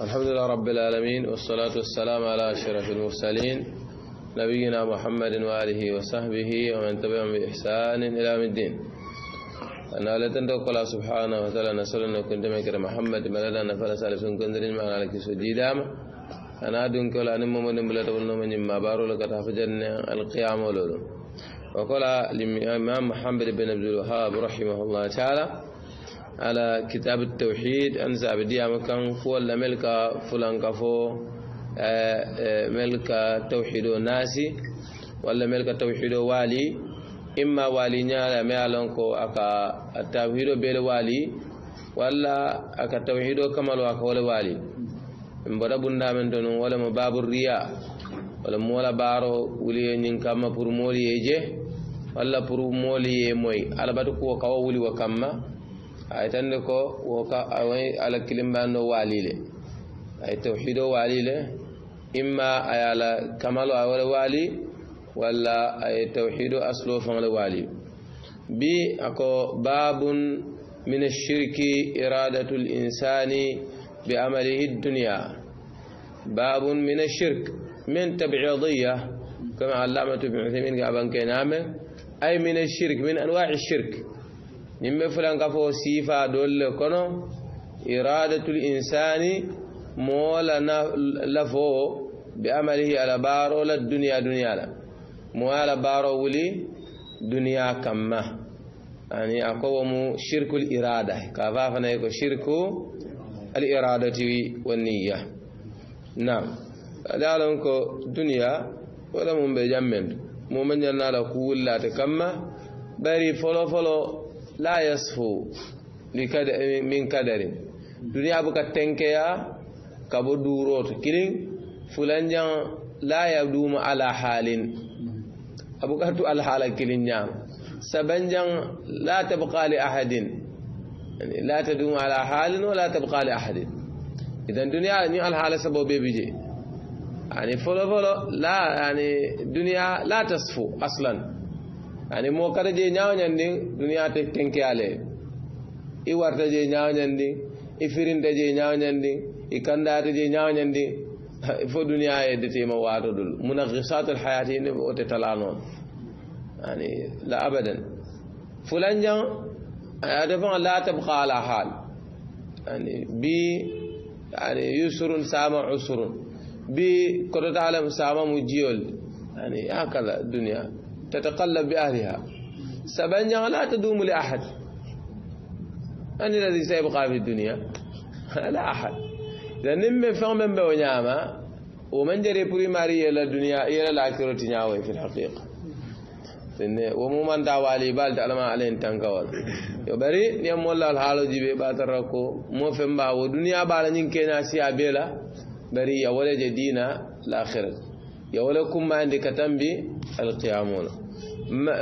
الحمد لله رب العالمين والصلاة والسلام على أشرف المرسلين نبينا محمد وآله وصحبه ومن تبعهم بإحسان إلى الدين أنا لا تندق الله سبحانه وتعالى نسأل أن كنت مكر محمد ملدنا فلسال سنكندرين معنا لك سجيدا أنا دون كل أن ممن بلد من ما بارو لك تحفجن القيام ولولو وقال الإمام محمد بن عبد الوهاب رحمه الله تعالى ala kitab tawhid an zabidiya makan fuwal lamilka fulan kafo melka tawhidu nasi wala melka tawhidu wali imma wali nya la me aka tawhidu bel wali wala aka tawhidu kamal wa kawal wali mbara bunda men don wala mababur riya wala mola baro wuli kama pur moli wala pur moli e moy alabatu ko wa kama ayitande ko wo ka awai ala kilimbanno walile ay tawhido walile imma ayala kamalo awala wali walla ay tawhido aslo fangle wali bi ako babun min ashirki iradatu linsani biamalihi dunya babun min ashirk من تبعيضية كما علامة ابن عثيمين قال بنكي نامه أي من الشرك من أنواع الشرك نمي فلان كفو سيفا دول كنو إرادة الإنسان مولا لفو بعمله على بارو للدنيا دنيا مولا بارو ولي دنيا كما يعني أقوم شرك الإرادة كفافنا يكو شرك الإرادة والنية نعم دالون كو دنيا ولا من بجمد مومن من كولا تكما بري فلو فلو لا يسفو من كدر دنيا بك تنكيا كبو دوروت كلين فلان جان لا يدوم على حال أبو كهتو على حال كلين جان سبن جان لا تبقى لأحد يعني لا تدوم على حال ولا تبقى لأحد إذا دنيا ني على حال سبب بيجي يعني فلو فلو لا يعني الدنيا لا تصفو أصلاً ani mo kare je nyaaw ñawñandi duniya te ale i warta je nyaaw ñawñandi i firinta je nyaaw ñawñandi i kandata je nyaaw ñawñandi fo duniya e de te ma waato dul munakisatul hayati ne ote tala noon ani la abadan fulan jan ade fan la tabqa ala hal ani bi ani yusrun sama usrun bi بقدرة عالم sama mujiol ani akala duniya تتقلب بأهلها سبنجا لا تدوم لأحد أن الذي سيبقى في الدنيا لا أحد إذا نم فهم بونياما ومن جري بري ماري إلى الدنيا إلى الآخرة تنياوي في الحقيقة ومو من دعوالي بال تعلم عليه تنكوال يبري نعم والله الحالو جيبي باتركو مو فهم با ودنيا بالنين كينا سيابيلا بري يا ولد دينا الآخرة يولكم ما عندك تنبي القيامون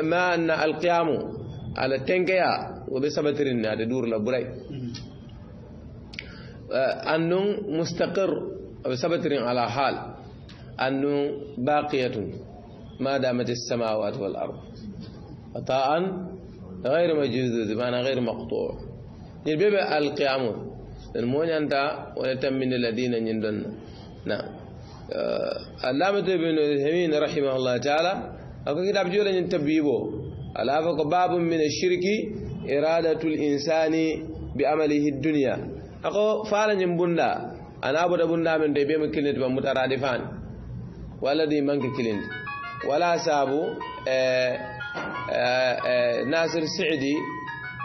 ما أن القيام على تنكيا وبسبترين هذا دور لبري آه، أنه مستقر وبسبترين على حال أنه باقية ما دامت السماوات والأرض عطاء غير مجدود بمعنى غير مقطوع يبقى القيامون المؤمن أنت ولتم من الذين يندن نعم allama ibn uthaymeen rahimahullah taala ako kitab jola nyin tabibo ala fa ko babun min ash-shirki iradatul insani bi amalihi ad-dunya ako fala nyin bunda ana boda bunda men de be mo kilnet ba mutaradi fan wala di manke kilnet wala sabu nasir sa'di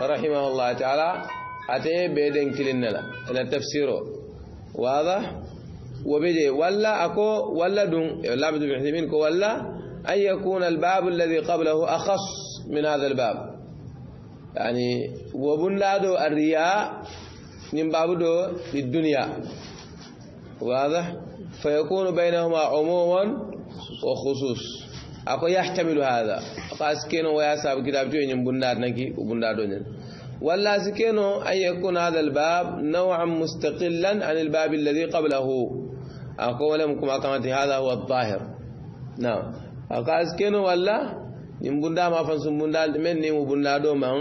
rahimahullah taala ate be den kilnala ana tafsiro واضح وبيجي ولا أكو ولا دون لا بد من كو ولا أن يكون الباب الذي قبله أخص من هذا الباب يعني وبن لادو الرياء من بابدو للدنيا واضح فيكون بينهما عموما وخصوص أكو يحتمل هذا كينو ويا ساب كتاب جو بندار نكي وبندار دونين ولا سكينو أن يكون هذا الباب نوعا مستقلا عن الباب الذي قبله أقول لكم أقامة هذا هو الظاهر نعم أقاس كنو ولا يمبندا ما فنسم بندا من نيم بندا دوما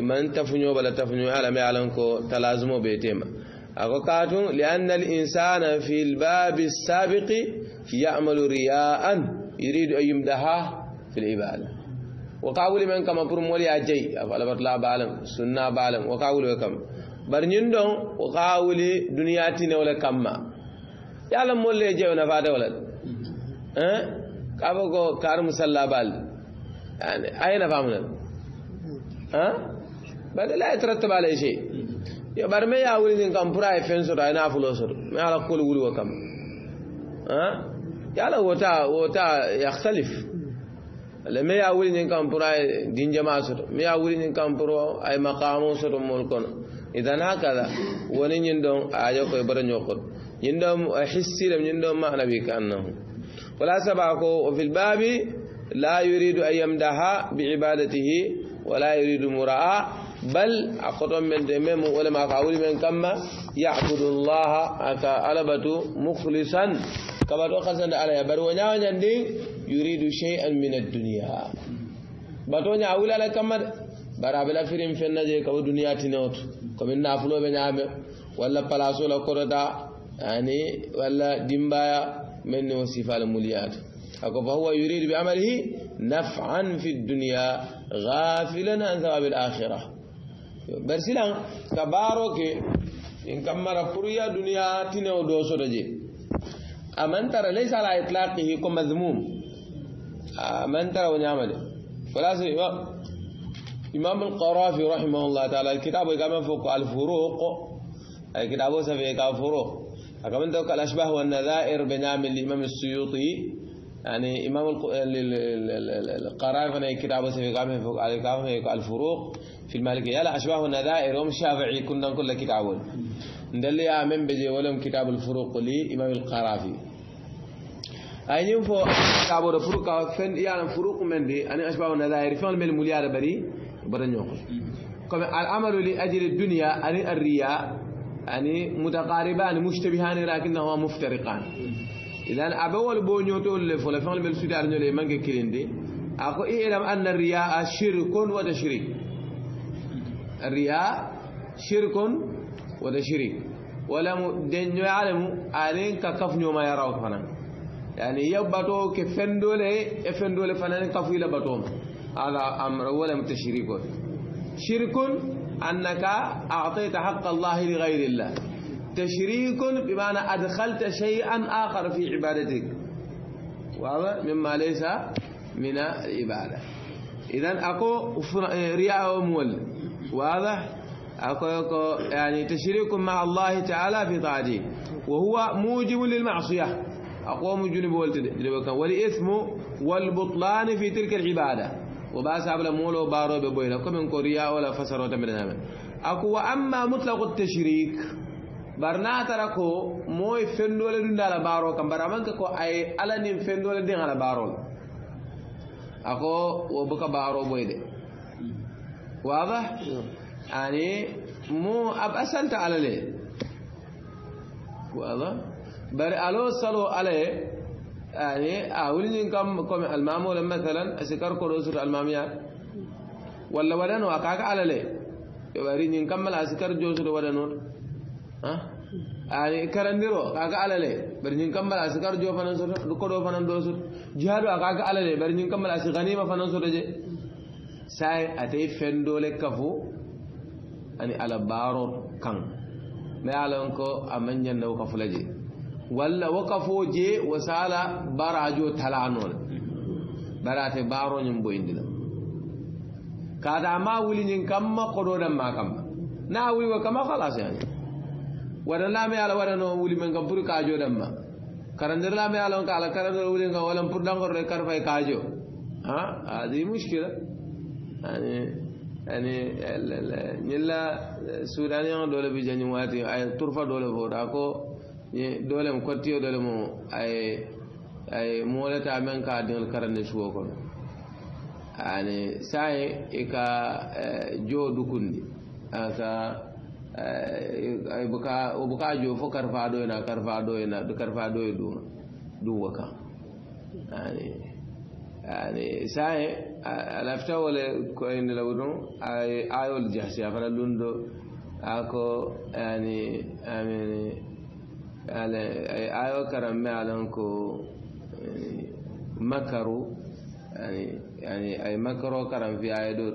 من تفنيو بلا تفنيو على ما يعلنكو تلازمو بيتيما أقاتو لأن الإنسان في الباب السابق يعمل رياء يريد أن يمدها في العبادة وقاول من كما برمولي أجي أفعل بطلع بعلم سنة بعلم وقاول وكم برنين دون وقاول دنياتي نولي كما ye a loŋ moolu le ye jeyo nafaata musalla baal de a ye nafa mu la ye ala ye yo bari me wuli nin kam pour a ye feŋ soto a ye me ala kolu wuli wo kam ye ala wota wota yaxtalif le me ye wuli nin kam pour a ye dinjamaa me ye wuli nin kam pour a ye maqaamo soto idan hakada woni ñin don a ye bara ñoo يندم احس لم يندم معنى بك أنه ولا سبعكو وفي الباب لا يريد أن يمدها بعبادته ولا يريد مراء بل أخطم من دمم ما أقول من كما يعبد الله أكا ألبة مخلصا كما تقصد على بر ونعن يريد شيئا من الدنيا باتونيا أولا لكما برابلا فرين فنجي كو دنيا تنوت كما نافلو بنعمه ولا بلاسو لكورتا يعني ولا دمبايا من وصفة المليات فهو يريد بعمله نفعا في الدنيا غافلا عن ثواب الآخرة برسلا كباروك إن كمرا فريا دنيا تنو دوسو رجي أمن ترى ليس على إطلاقه كمذموم أمن ترى ونعمل فلازم إمام القرافي رحمه الله تعالى الكتاب يقام فوق الفروق الكتاب سفيه كفروق أكمن توك الأشباه والنذائر بنام الإمام السيوطي يعني إمام القرار القرافنة كتابه في قامه الفروق في المالكية لا أشباه والنذائر هم شافعي كنا كل كتابون ندل يا من بجي ولم كتاب الفروق لي إمام القرافي أينيم فو كتاب الفروق فن يعني فروق من دي أنا أشباه والنذائر فن من المليار بري برنيوخ كما الأمر لأجل الدنيا أن الرياء يعني متقاربان مشتبهان لكنهما مفترقان إذا أبوال بونيوتو اللي فولا فعل بالسودان اللي منك كليندي أقول إعلم إيه أن الرياء شرك وتشريك الرياء شرك وتشريك ولم دنيو يعلم أنين ككفنيو ما يراو فنا يعني يبطو كفندولي فندولي فنان كفيل بطوم هذا أمر ولم تشريكه شرك أنك أعطيت حق الله لغير الله تشريك بمعنى أدخلت شيئا آخر في عبادتك وهذا مما ليس من العبادة إذا أكو رياء ومول واضح أكو يعني تشريك مع الله تعالى في طاعته وهو موجب للمعصية أقوم جنب والإثم والبطلان في تلك العبادة وباسابلا مولو بارو ببويلا كمن كوريا ولا فسروا تمرنا اكو واما مطلق التشريك barna tara ko moy fendole dun dala baro kam bara manka ko ay alanin fendole din ala baro ako wo buka baro boyde واضح يعني مو اب اسنت على ليه واضح بر الو صلوا عليه يعني أولين آه، كم كم المامو لما مثلا أسكر كروسر الماميا ولا ولن وكاك على لي يبارين نكمل أسكر جوسر ولن ها يعني كرندرو كاك على لي برين نكمل أسكر جو فنانسر كرو فنان دوسر جهادو كاك على لي برين نكمل أسغني ما فنانسر جي ساي أتي فندول كفو أني يعني على بارو كان لا يعلم كو أمن كفلجي walla wo kafoo je wo sala barajo talano la barate baroñum boyindi la kaata ma wuli ñin kamma koɗoɗan ma kamma na wuli wo kama halas yani waɗa lami ala waɗano wuli men kam pour kajo ɗan ma karandir lami ala on ka ala karandir wuli kam walan pour ɗangorɗo kar fay kajo a hadi muskila yani يعني نلا سودانيان دولة بيجاني واتي أي طرفة دولة فورا كو dole mo kottiyo dole mo ay moolata men ka diŋol karande suwo kono ani saye i e ka e, joo dukundi ansa wo e, buka jo fo karfadoyo na karfadoyo na karfadoyo duma duwo kan ani ani saye alafita wole koyinde la wudon ay ayol jasi a fana lundo ako ani amini يعني أي أكرم ما عليكم آه، مكروا يعني يعني أي مكروا كرم في أيدور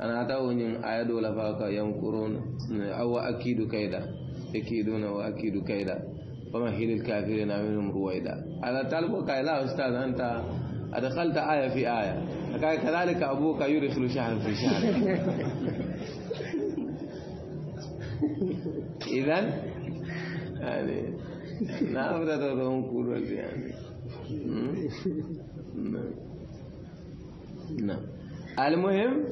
أنا أتوني أيدور لفاق يمكرون أو أكيد كيدا أكيدون أو أكيد كيدا فما هي الكافرين منهم رويدا على تلك كيلا أستاذ أنت أدخلت آية في آية كذلك أبوك يدخل شهر في شهر إذا అది నా يعني. نعم. نعم المهم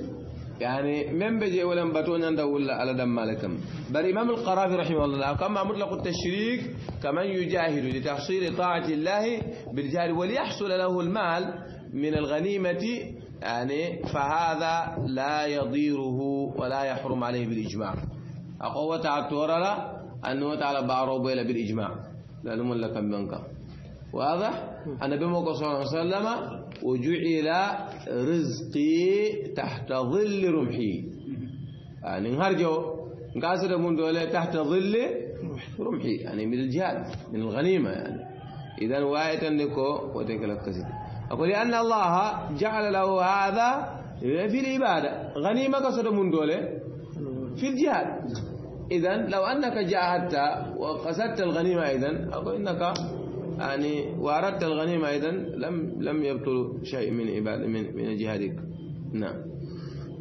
يعني من بجي ولم بتون عند ولا على دم مالكم بل إمام القرافي رحمه الله كما مطلق التشريك كمن يجاهد لتحصيل طاعة الله بالجهل وليحصل له المال من الغنيمة يعني فهذا لا يضيره ولا يحرم عليه بالإجماع أقوى تعتور لا أنه تعالى بارو بيلا بالإجماع لا نمل لك منك واضح أنا بموقع صلى الله عليه وسلم وجعل رزقي تحت ظل رمحي يعني آه، هرجو قاصد من دولة تحت ظل رمحي يعني من الجهاد من الغنيمة يعني إذا وآية وتيك وتكلك كسد أقول لأن الله جعل له هذا في العبادة غنيمة قصد من دولة في الجهاد إذا لو أنك جاهدت وقصدت الغنيمة إذا أقول إنك يعني وأردت الغنيمة إذا لم لم يبطل شيء من عباد من من جهادك نعم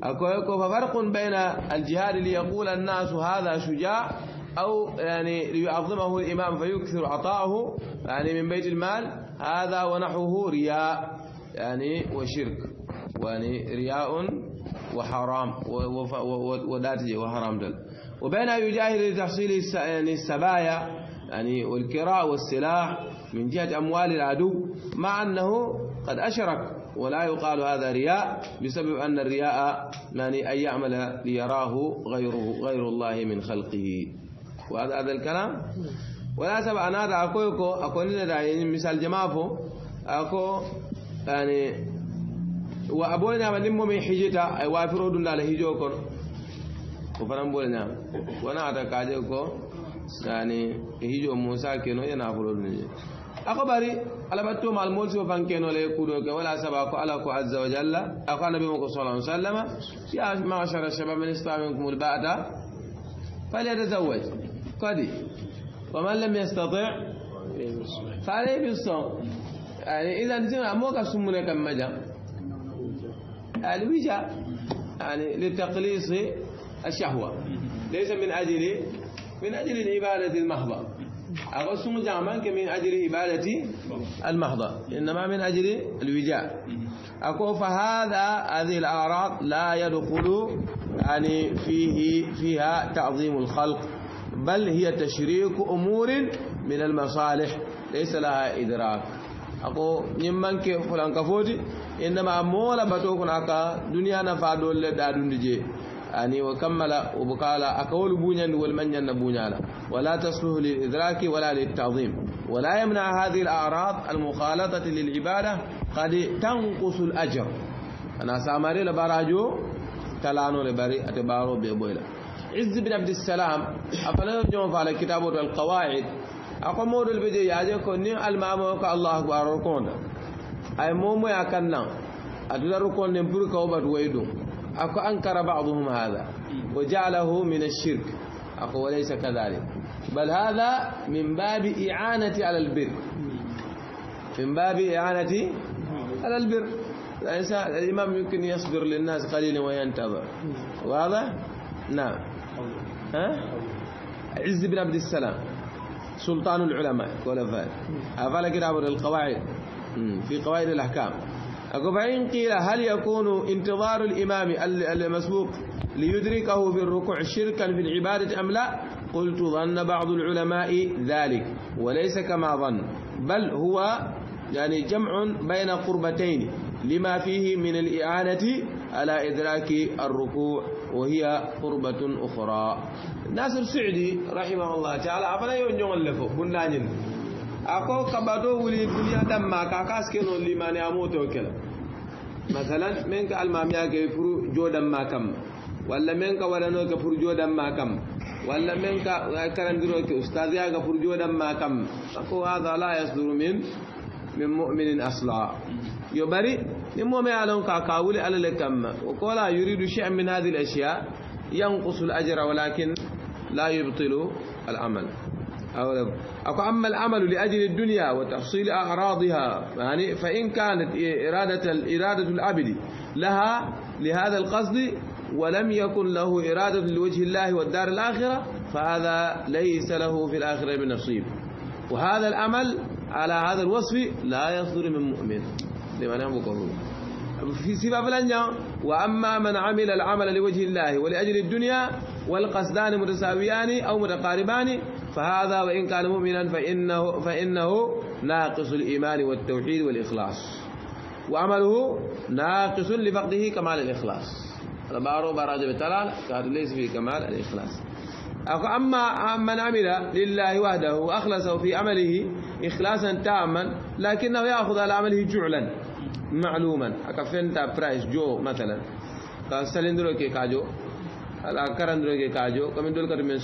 أكو ففرق بين الجهاد ليقول الناس هذا شجاع أو يعني ليعظمه الإمام فيكثر عطاءه يعني من بيت المال هذا ونحوه رياء يعني وشرك يعني رياء وحرام وذاته وحرام دل وبين أن يجاهد لتحصيل يعني السبايا يعني والكراء والسلاح من جهة أموال العدو مع أنه قد أشرك ولا يقال هذا رياء بسبب أن الرياء يعني أن يعمل ليراه غيره غير الله من خلقه وهذا هذا الكلام ولا سبب أن هذا لك أقول لك مثال جمافه أكو يعني وأبونا من نمو من حجتا أي وافرودنا لهجوكم o fana bolña wona ata kaje ko yani hijo musa keno ye nafololuni je ako bari alabattoma almolsio fan kenole kuɗo ke wala saba ko ala ko azza wa jalla ako annabi mo ko sala sallama ya machara shabab min istaminkum lbata falyatazawaj kadi waman lam yastati faalay bissom يعني إذا نسينا موقع سمنا كم مجا الوجا يعني لتقليص الشهوة ليس من أجل من أجل العبادة المحضة أغسل جامعا من أجل عبادة المحضة إنما من أجل الوجاء أقول فهذا هذه الأعراض لا يدخل يعني فيه فيها تعظيم الخلق بل هي تشريك أمور من المصالح ليس لها إدراك أقول نمان كفلان فلان كفوتي إنما مولا بتوكنا كا دنيا نفادول لدادون دجي يعني وكمل وبقال أقول بنيا والمنيا نبنيانا ولا تصلح للإدراك ولا للتعظيم ولا يمنع هذه الأعراض المخالطة للعبادة قد تنقص الأجر أنا سامري لبراجو تلانو لبري أتبارو بيبويلا عز بن عبد السلام أفلا يوم فعل كتابه القواعد أقوموا البدي ياجكو ني المامو الله أكبر ركونا أي مومو يا كنا أتلا نبرك نمبر ويدو أكو أنكر بعضهم هذا وجعله من الشرك أكو وليس كذلك بل هذا من باب إعانة على البر من باب إعانة على البر الإمام يمكن يصبر للناس قليلا وينتظر واضح؟ نعم ها؟ عز بن عبد السلام سلطان العلماء قول الظاهر هذا كتاب القواعد في قواعد الأحكام أقول فإن قيل هل يكون انتظار الإمام المسبوق ليدركه في الركوع شركا في العبادة أم لا قلت ظن بعض العلماء ذلك وليس كما ظن بل هو يعني جمع بين قربتين لما فيه من الإعانة على إدراك الركوع وهي قربة أخرى ناصر سعدي رحمه الله تعالى أفلا ينجون لفو بنانين ako kabato wuli duniya damma ka kaskeno limani amoto kela masalan men ka almamiya ke furu jodamma kamma walla men ka waɗano ke furu jodamma kamma walla men ka karandiro ke ustad yaga furu jodamma kamma ako hada la yasduru min min muminin asla yo bari ni momi alon ka ka wuli alale kamma o kola yuridu chean min hadi l ashia yanqusu l ajra walakin la yubtilu al amal أو أما العمل لأجل الدنيا وتحصيل أعراضها يعني فإن كانت إرادة إرادة العبد لها لهذا القصد ولم يكن له إرادة لوجه الله والدار الآخرة فهذا ليس له في الآخرة من نصيب وهذا العمل على هذا الوصف لا يصدر من مؤمن لمن نعم أمكره في سبب لنجا وأما من عمل العمل لوجه الله ولأجل الدنيا والقصدان متساويان أو متقاربان فهذا وإن كان مؤمنا فإنه, فإنه ناقص الإيمان والتوحيد والإخلاص وعمله ناقص لفقده كمال الإخلاص ربارو براجة بتلال قال ليس في كمال الإخلاص أما من عمل لله وحده وأخلصه في عمله إخلاصا تاما لكنه يأخذ على عمله جعلا معلوما أكفنتا برايس جو مثلا كسلندروكي كاجو ala karandroke kajo kamin dol kata men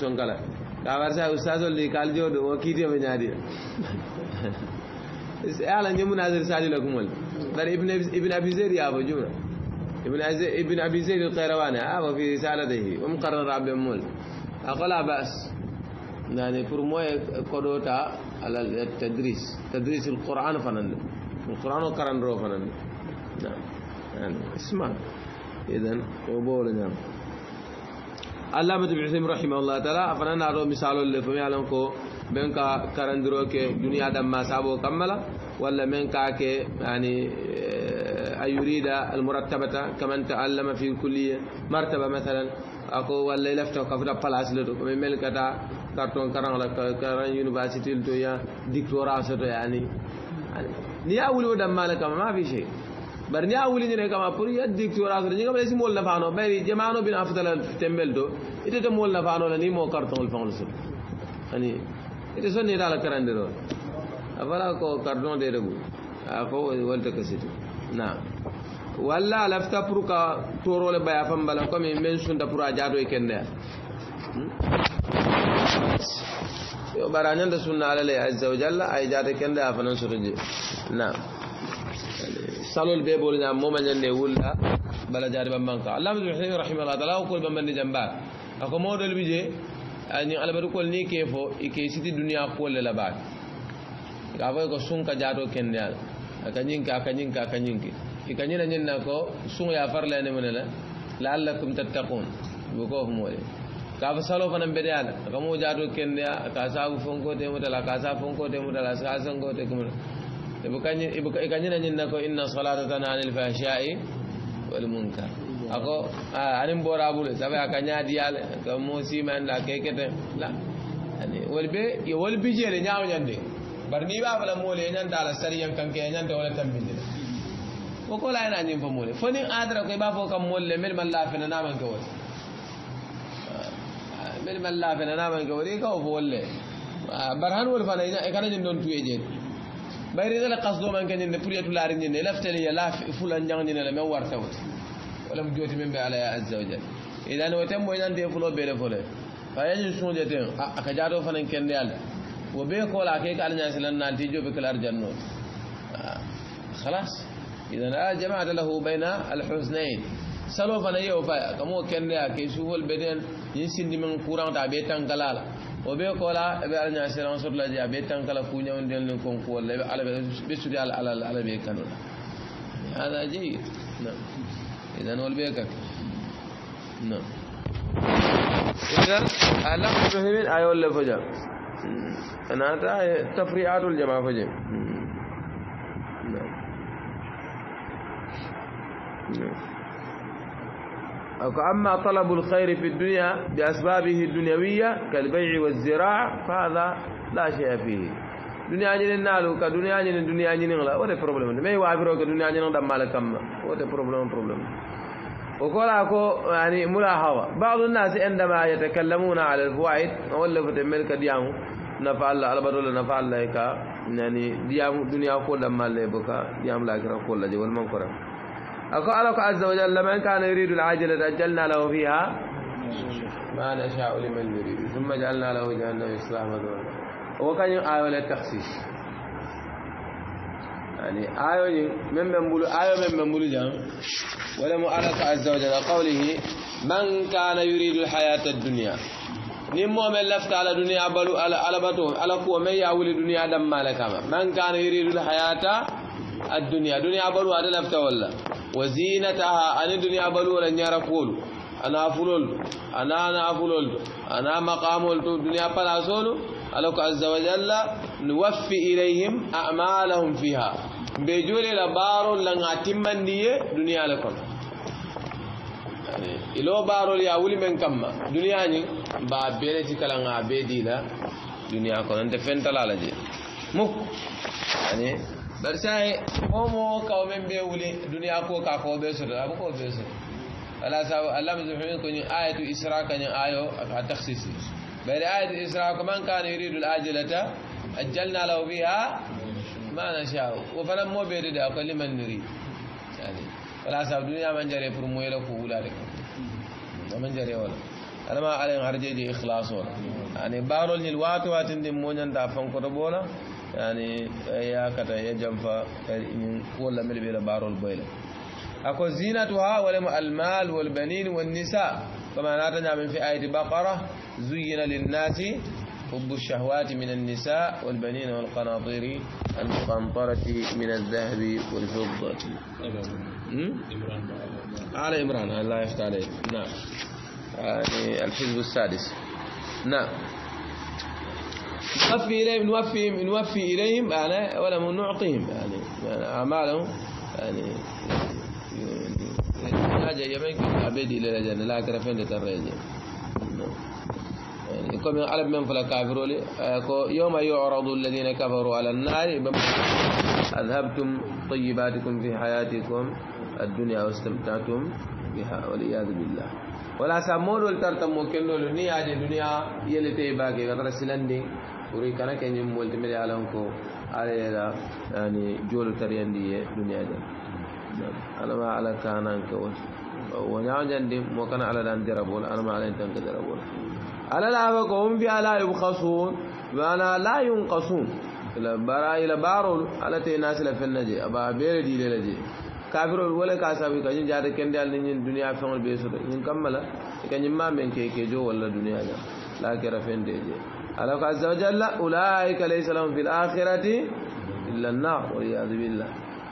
kabar sa ustazol li kal jodo o kiti be nyaadi is ala nyamu nazir sadi la kumul dar ibn ibn abi zayd ya abu jumra ibn ibn abi zayd al-qayrawani aba fi risalatihi um qarrar abd mul aqala bas yani pour moi kodota ala tadris tadris al-quran fanan القرآن وقرن روفنا نعم يعني اسمع إذن وبول نعم अल्लाह मतबीम रहीम तला अपना नारो मिसालोल्लफ़म को मैं का करंदरों के दुनिया दम्मा साबो कम्मला वल्ला मैं का के यानी أيريد المرتبة كمن تعلم في الكلية مرتبة مثلا أكو ولا لفت كفر بلاس لتو من ملكة كارتون كران ولا كران يونيفرسيتي لتو يا دكتوراه يعني, يعني، نيا أول ودم مالك ما في شيء bari ni a wuliñine kama pour ya dictora soto ñinga ɓaɗa si mool nafano ɓayri jamano bin aftala tembel to itete mool nafano la ni mo cartonl fangol sol ani ite sonni tala karandiro a fala ko carton de regu a fo walta ka siti na walla a lafta pour ka torole ɓaya fambala comme men sunta pour a jaato e kendeya yo ɓara ñanta sunna alala azza wa jalla ay jaata kendeya fanan soto je na salol be bol nyam mo manyan ne wulla bala jari ban manka allah bi rahimahullah ta'ala ko ban man jamba ako modol bi je ani albar ko ni ke fo ike siti duniya ko le labat ka fa ko sun ka jato kenya aka nyinka aka nyinka aka nyinki ikanyina nyinna ko sun ya farla ne manala la'allakum tattaqun buko mo kafa salo fana mbede ala kamo jato kende ya kasa gu fonko te mutala kasa fonko te mutala kasa fonko te kumana ikanyi na nyinna ko inna salata tana anil fahsha'i wal munkar ako anin bora bulu sabe akanya diyale ko musi man la kekete la ani wolbe yo wolbi jere nyaaw nyande barni ba bala mole nyan dala sariyan kan ke nyan wala tambinde ko ko la ina nyim fa mole foni adra ko ba fo kam mole mel man la fena na man ko wala mel man la fena na man ko wala ko wolle barhan wol fana ina kana nyindon tuye jere بيريد لك قصدو من كان ينبر يتلارين ينبر لفت لي لا فلان جان ينبر لم يورثه ولم جوت من بعلى عز وجل إذا نوتم وإذا دي فلو بيلي فلو فأيان يسون جاتين أكجارو فلان كان ديال وبيكو لأكيك على ناس لن نانتيجو بكل أرجان خلاص إذا آه جماعة له بين الحسنين سلو فلان يوفايا كمو كان ديال كيسوف البدين ينسي من كوران تعبيتان قلالا o be ko la be ala nya sira on sotla ja be tan kala ku nyaw den len kon ko wala be ala be sudi ala ala ala be kanu hada ji na idan wal be kak na idan ala muhimin ayo le faja انا تفريعات الجماعه فجم نعم نعم أما طلب الخير في الدنيا بأسبابه الدنيوية كالبيع والزراع فهذا لا شيء فيه دنيا جن النالو كدنيا جن الدنيا جن لا وده بروبلم ما يوافرو كدنيا جن دم مالك كم ولا بروبلم بروبلم وقال أكو يعني ملاحظة بعض الناس عندما يتكلمون على الفوائد ولا الملك ديامو نفع الله على بدل نفع الله كا يعني ديامو الدنيا كلها مال بكا ديام لا كرا كلها جوال من كرا قالك عز وجل من كان يريد العاجلة أجلنا له فيها ما نشاء لمن يريد ثم جعلنا له جهنم يصلح مدونا وكان آية للتخصيص يعني آية من بنبول آية من بنبول جام ولا مؤلف عز وجل قوله من كان يريد الحياة الدنيا نمو من لفت على دنيا بلو على على بتو على قوة من يأول الدنيا دم مالك من كان يريد الحياة الدنيا دنيا بلو على لفت والله وزينتها أن الدنيا بلور أن يرفول أنا أفلول أنا أنا أفلول أنا مقام الدنيا بلاسول ألوك عز وجل نوفي إليهم أعمالهم فيها بجولي لبارو لن أتمن دي دنيا لكم يعني إلو بارو يا ولي من كما دنيا ني با بيرتي كلا بيدي لا دنيا كون انت فين تلا لجي مك يعني bari sai momo kawmen be wuli duniya ko ka ko be sura abu ko be sura ala sabu allah muzmin ko ni ayatu isra kan ayo a takhsisi bari ayatu isra ko man kana yuridu al-ajlata ajjalna lahu biha ma nasha'u wa falam mo be da ko liman nuri yani ala sabu duniya man jare fur mo yela ko wula de ko man jare wala ana ma alen harjeje ikhlas wala yani barol ni wato watin din mo nyanda fan ko to bola yani ya kata ya jamfa wala mil bela barol boyla ako zinatuha wala almal wal banin wan nisa kama nata nyamin fi ayati baqara zuyyina lin nasi حب الشهوات من النساء والبنين والقناطير المقنطرة من الذهب والفضة على إمران الله يفتح عليه نعم يعني الحزب السادس نعم نوفي إليهم نوفي نوفي إليهم يعني ولا نعطيهم يعني،, يعني, أعمالهم يعني, يعني،, يعني، حاجة يمكن عبيد إلى الجنة لا كرفين لترجع يعني كم من فلا كافروا لي يوم يعرض الذين كفروا على النار أذهبتم طيباتكم في حياتكم الدنيا واستمتعتم بها والعياذ بالله ولا سامول والترتم ممكن نقول ني هذه الدنيا يلي تيباكي غدر سلندي uri kana ke ñum multimidi alan ko ala yela yani joolu tariyandi ye duniya jan ma ala kana ke wol wo ñawjandi mo kana ala dan darabol ma ala tan ke darabol ala laaba ko hum bi ala wa mana la yunkasun la bara ila barol ala te nasila fenna je aba beere diilela je kafirol wala ka sabi kañum jaata kende al ni ñin duniya feŋol ɓe soto ñin kammala kañum ma men ke ke jo walla duniya jam la kera fende je على عز وجل أولئك ليس لهم في الآخرة إلا النار والعياذ بالله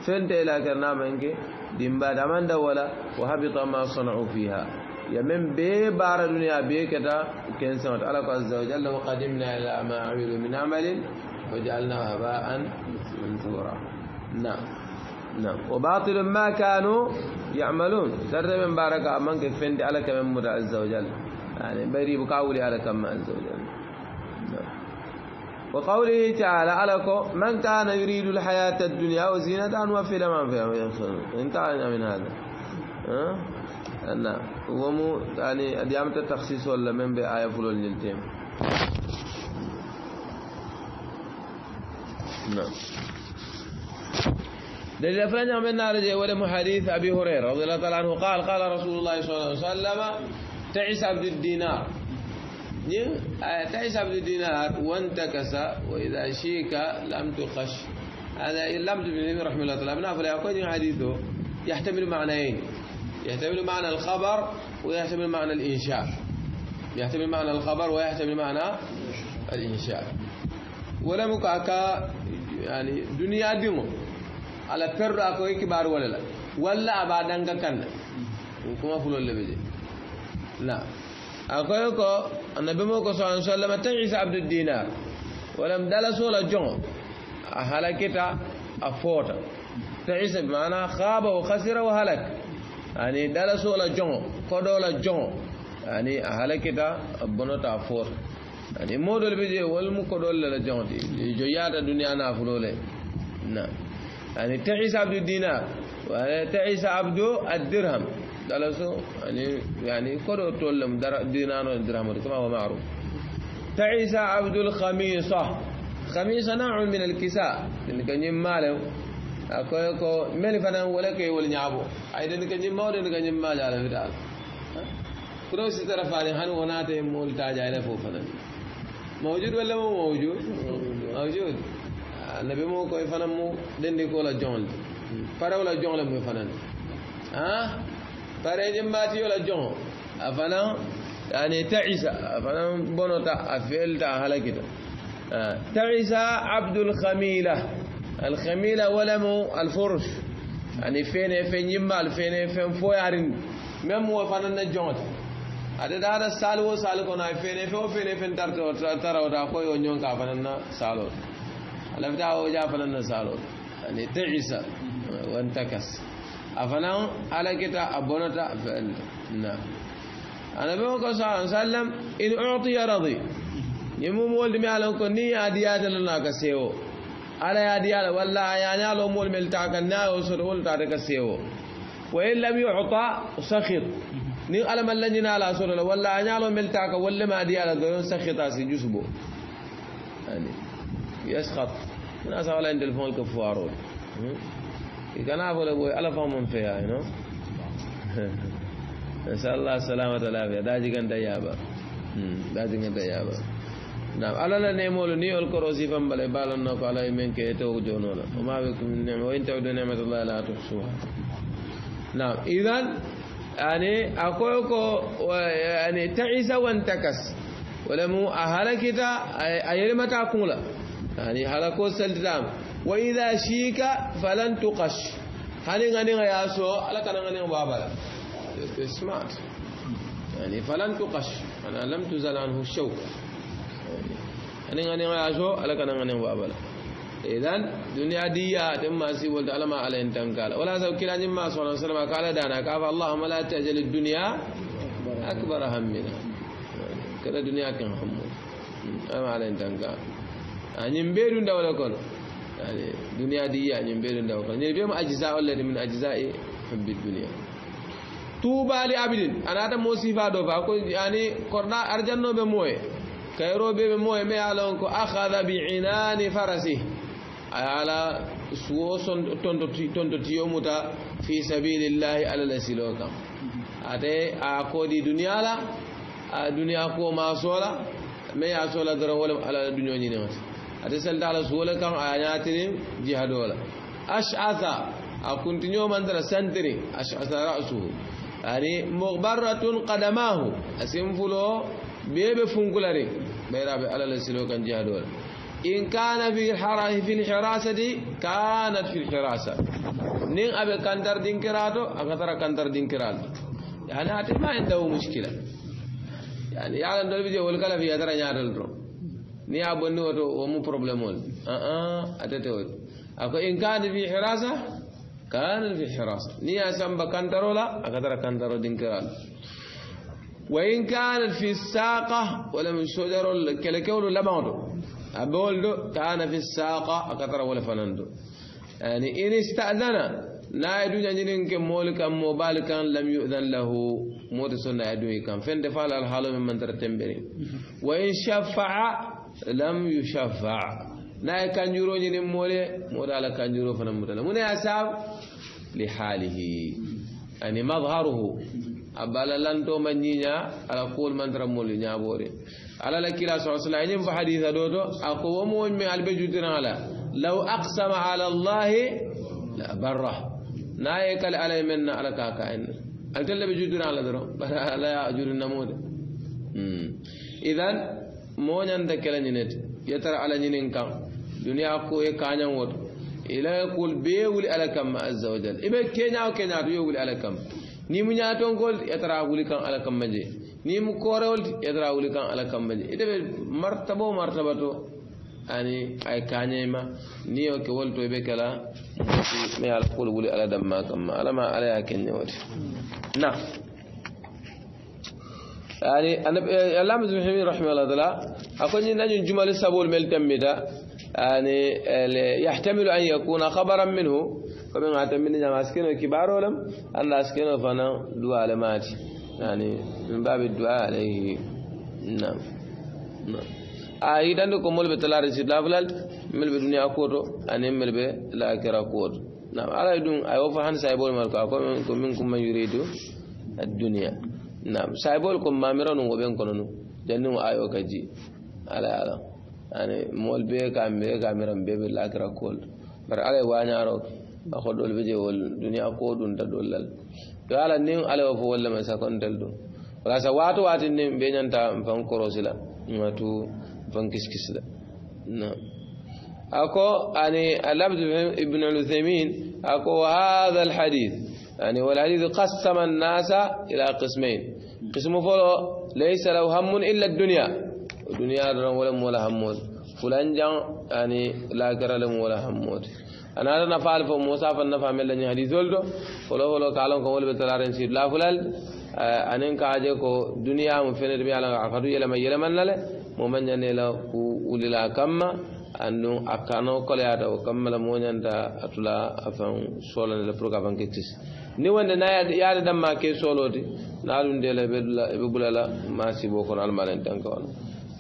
إلى كرنام إنك دين بعد دمان دولا وهبط ما صنعوا فيها من بي بار الدنيا بي كتا كن سمت على عز وجل وقدمنا إلى ما عملوا من عمل وجعلناه هباء منثورا نعم نعم وباطل ما كانوا يعملون سر من بارك أمانك فين على كم عز وجل يعني بيري أولي على كم عز وجل وقوله تعالى على من كان يريد الحياة الدنيا وزينة نوفي لما فيها انتهينا من هذا ها لا ومو يعني ديام التخصيص ولا من بآية فلول الجلتين نعم دليل فلان من نار ولم حديث أبي هريرة رضي الله تعالى عنه قال قال رسول الله صلى الله عليه وسلم تعس عبد الدينار آية تعيش عبد الدينار وانتكس وإذا شيك لم تخش هذا لم تبني رحمه الله تعالى ابن عفل يقول حديثه يحتمل معنيين يحتمل معنى الخبر ويحتمل معنى الإنشاء يحتمل معنى الخبر ويحتمل معنى الإنشاء ولم كاكا يعني دنيا دمو على كر أكو كبار ولا لا ولا أبعد عنك وكما فلو اللي بيجي نعم أقول لك أقولك أبو موكو صلى الله عليه وسلم تعيس عبد الدينار ولم دلس ولا جون أهلكتا أفوتا تعيس بمعنى خاب وخسر وهلك يعني دلس ولا جون قدو ولا جون يعني أهلكتا بنتا أفوتا يعني مو دول بيجي ولم قدو ولا جون جو يادا دنيا نافلو لي نعم يعني تعيس عبد الدينار يعني تعيس عبد الدرهم دلسو يعني يعني كرو تولم دينانو درهم كما هو معروف تعيسى عبد الخميصة خميصة نوع من الكساء اللي كان ماله أكو أكو ملي فنا ولا كي ولا نعبو أي اللي كان ماله اللي كان ماله على فدال كرو سترف عليه هن وناتي مول تاج على فوفنا موجود ولا مو موجود موجود النبي مو كوي فنا مو دندي كولا جونل فراولا جون مو فنا ها pareɗin mati yola jongo a fanan yani taisa a fanan bonota a felta a halakita taisa abdulhamila alhamila walamo alforus ani fene fen yimmal fene fen foyarin même wo fanan na jongota adada hada sal wo sal kono a fene fe o fene fen tarto tarawta koye o ñonka fanan na salota alafta o ja fanan na salota ani taisa wantakas أفنان على كتا أبونتا نعم أنا بمكو صلى الله عليه وسلم إن أعطي رضي يمو مولد على كني أديات لنا كسيو على أديات والله يعني على مول كنا وصل وصر ولتاك كسيو وإن لم يعطى سخط ni على lanjina ala على la walla a ñaalo melta ka walla ma diya la doyon sakhita si jusubo yani yaskat ina sa wala en téléphone You can have all the boy, all of them fair, you know. Inshallah, salamat alafia. Daji kan tayaba. Daji kan tayaba. نعم, نعم،, نعم، على لا نيمول نيول كروسي فم بل بالا نك على من كيتو جونولا وما بكم من نعمه وان تعدوا نعمه الله لا تحصوها نعم اذا يعني اكوكو يعني تعيس وانتكس ولمو اهلكتا ايرمتا كولا يعني هلكو سلتام وإذا شيك فلن تقش هني غني غيا سو على كان غني بابا سمعت يعني فلن تقش أنا لم تزل عنه الشوكة هني غني غيا سو على كان غني بابا إذن دنيا ديا تم سوى العلم على إن تنقال ولا سو كلا جمع صلى الله عليه وسلم قال دانا كاف اللهم لا تجل الدنيا أكبر همنا كذا دنيا كان هم أما على إن تنقال أني مبيرون دولة كله يعني دنيا دي يعني بين الله وكان يعني بيوم أجزاء الذي من أجزاء حب الدنيا توبى لعبد أنا هذا موسيفا دوفا يعني قرنا أرجنو بموي كيرو بموي ما يعلم أخذ بعنان فرسه على سوسن تندتي تندتي يومتا في سبيل الله على الأسلوكم أتي أكودي دنيا لا دنيا كو ما سولا ما يا سولا ولا على الدنيا نيمت حديثنا على سهولكم آياتهم جهادولا أشعث أكون تنيو من ترى سنتري أشعث رأسه يعني مغبرة قدماه أسم فلو بيب فنقلري بيرا على لسلوك جهادولا إن كان في الحراسة في الحراسة دي كانت في الحراسة نين أبي كانتر دين كراتو أكثر كانتر دين كراتو يعني أتما عنده مشكلة يعني يعلم دول بيجي ولكلا في هذا الرجال دول ni ya bondi woto oh, wo mu problème ol aa atete wo ako in kana fi hirasa kana fi hirasa eh, ni ya samba kantaro la akatara kantaro dinkiral وإن كانت في الساقة ولم شجر الكلكول لبعضه أبولدو كان في الساقة أكثر ولا فنندو يعني إن استأذن لا يدون أن يكون مولكا مبالكا لم يؤذن له موت سنة يدوي كان فين دفال الحال من من ترتمبري وإن شفع لم يشفع لا كانجورو يروني نموله مولا لا كان يرو فنا مولا من يساب لحاله يعني مظهره أبلا لن من نينا على قول من ترمول نابوري على لا كلا صلى الله عليه يعني في حديث دوتو أقوى مؤمن البجو على لو أقسم على الله لا بره نايك على منا على كاكا إن أنت اللي بجو تنالا درو بلا لا يأجر النمود إذن moñanta kela ñinete yetara ala ñinin kan duniya koye kañan woto ila yaqul be wuli ala kamma azza wa jal ibe keñaw keñato yo wuli ala kamma ni mu ñatonkol yetara wuli kan ala kamma je ni mu korewol yetara wuli kan ala kamma je ite ɓe martabo martaba to ani ay kañayma ni yo ke wolto ɓe kala mais ala kol wuli ala damma kamma alama ala ya kenñe wote na يعني أنا اللام ابن تيمية رحمه الله تعالى أقول أن جمل السبول مل تمدا يعني يحتمل أن يكون خبرا منه فمن عتمني جمع أسكنه كبار ولم أن أسكنه فنا دعاء لماتي يعني من باب الدعاء عليه نعم نعم أي آه، أيضا نكون مل بتلاري سيدلافلال مل بدنيا كورو أني يعني مل كرا كور نعم على يدون أيوة فهن سايبول مركو أكون منكم من يريد الدنيا nam saybol ko mamiranu ngo ɓen kono nu janni mo ayo kaji ala ala ani mool be kam be kamiran be ɓe lakira kol bara ala e wañaro a hoɗɗol ɓe je wol duniya ko ɗum ta dollal to ala nin ala o fo wallama sakontel ɗum wala sa wato watin ni ɓe ñanta fan korosila matu fan kiskisila nam ako ani alabdu ibn al uthaymin ako wa hada al hadith يعني والحديث قسم الناس إلى قسمين قسم فلو ليس له هم إلا الدنيا الدنيا ولم ولا هم فلان جان يعني لا كرلم ولا هم أنا هذا نفعل فموسى فنفهم لن حديث ولدو فلو فلو كالون كمول بتلارين سيد لا فلال آه، أنا ka aje ko duniya mu fener bi ala akadu yela ma yela manale mo manya ne la ku ulila kamma annu akano kole ata o kamma la أفهم nyanda atula afan solan le ni wonde na yaade damma ke soloti na ɗum ndela ɓe bula la ma sibo kono almalen tan ka wona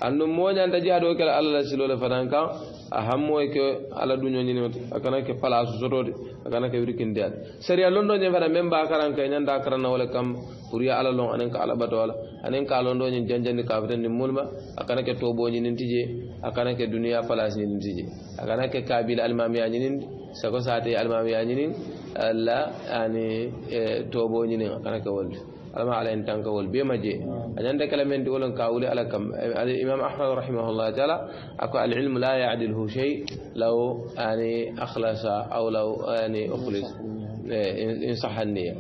annu moƴanta jaaɗo kala allah la silole fatan kan a hammoye ke ala duño ñiniote a kana ke place sotode a kana ke wirkindeade séria londoñen fata même mba karan kay ñanda karana wala kam pour ya ala long anen ka ala bato ala anen ka londoñen janjandi kafitandi mulma a kana ke toboñi nin tije a kana ke duniya place ñinin tije a kana ke kabila almamiya ñinin sago sate almamiya ñinin alla ani toboñinin a kana ke wolde سلام على ان تنقول بما جاء عند كلام انت يقول انك اولي على كم الامام احمد رحمه الله تعالى اكو العلم لا يعدله شيء لو يعني اخلص او لو يعني اخلص ان صح النيه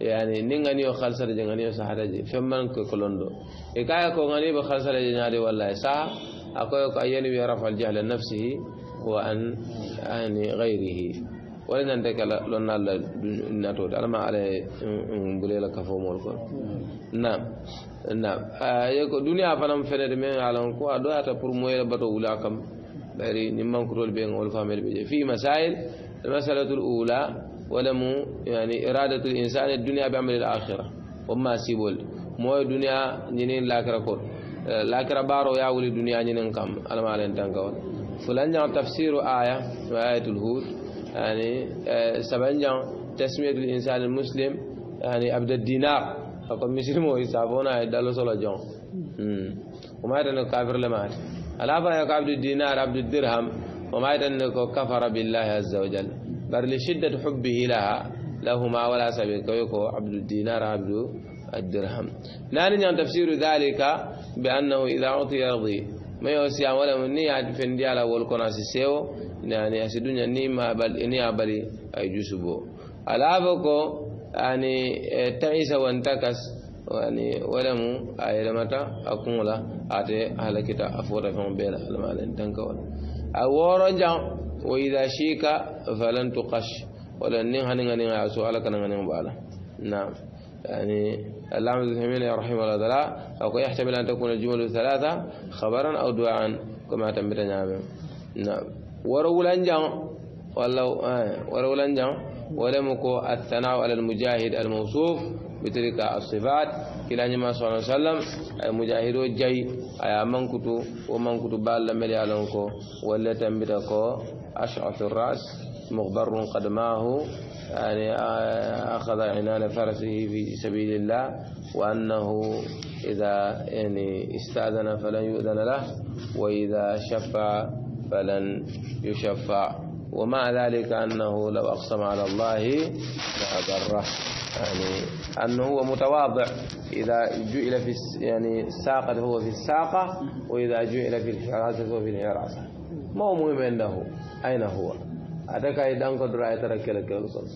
يعني نين غني وخلص رجع غني وسحر رجع في من كلون دو إكايا كوني بخلص رجع نادي والله سا أكو أكو أيان يعرف الجهل نفسه وأن يعني غيره wala ñante kala lon na la natode alama ala bulela kafomol kon nam nam ye ko duniya fanam fenede men alan ko a doyata pour moyela bato wula kam bari ni mankutol ɓe ngol famel ɓe je fi masail almasalatu l ula ولم يعني إرادة الإنسان الدنيا بعمل الآخرة وما سيبول مو الدنيا نين لاكرا كور لاكرا بارو يا ولي الدنيا نين كم أنا ما علين تنكون فلان تفسير آية آية الهود يعني آه، سبنجان تسمية الإنسان المسلم يعني عبد الدينار فقد مسلم يسافونا يدلو صلى جون وما يدن كافر لما الآفا يك عبد الدينار عبد الدرهم وما يدنك كفر بالله عز وجل بل لشدة حبه لها لهما ولا سبيل كيكو عبد الدينار عبد الدرهم نال تفسير ذلك بأنه إذا أعطي يرضي mayo si an wala ni ya fendi ala wol kono asi sewo yani asi dunya ni ma bal ni abali ay jusubo alaba ko ani ta'isa wan takas yani wala mu ayramata akunla ate halakita afota fon bela almalen tanka wala aworo jam wa idha shika falan tuqash wala ni hanin hanin asu alaka nan hanin bala na yani اللام ابن يا رحمه الله تعالى أو يحتمل أن تكون الجمل ثلاثة خبرا أو دعاء كما تم بتنعمه نعم, نعم. ورولا جان ولا أنجا آه، جان ولمكو الثناء على المجاهد الموصوف بتلك الصفات كلا ما صلى الله عليه وسلم المجاهد جاي أي من كتو ومن كتو بالملي على ولا تنبتكو أشعث الرأس مغبر قدماه يعني آه، أخذ عنان فرسه في سبيل الله وأنه إذا يعني استأذن فلن يؤذن له وإذا شفع فلن يشفع ومع ذلك أنه لو أقسم على الله لأبره يعني أنه هو متواضع إذا جئل في يعني ساقة هو في الساقة وإذا جئل في الحراسة هو في الحراسة ما هو مهم أين هو أين هو أتكاي دان كدرا يترى كلا كلا صل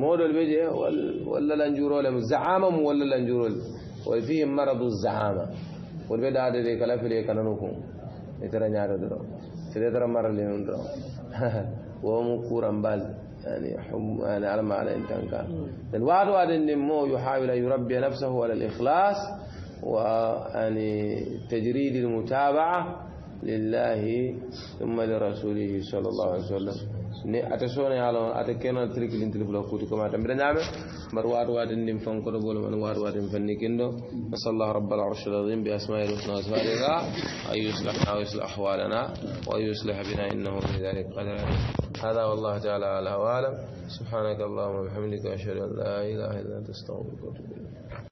مول البيج وال ولا لنجور ولا مزعامة ولا لنجور وفيه مرض الزعامة والبيد هذا ذي كلا في يترى نيار درا ترى ترى مرة ليه درا وهم كورن بال يعني حم أنا يعني على ما على إنسان كان لأن واحد واحد النمو يحاول أن يربي نفسه على الإخلاص و تجريد المتابعه لله ثم لرسوله صلى الله عليه وسلم ني اتسون يا الله اتكن تريك لين تلف لو كوتي كما تام دنا مر وات وات نيم فان كو بول من وات وات فان نيكندو صلى الله رب العرش العظيم باسماء الحسنى وصفاتها اي يصلح ويصلح احوالنا ويصلح بنا انه من ذلك قدر هذا والله تعالى على اعلم سبحانك اللهم وبحمدك اشهد ان لا اله الا انت استغفرك واتوب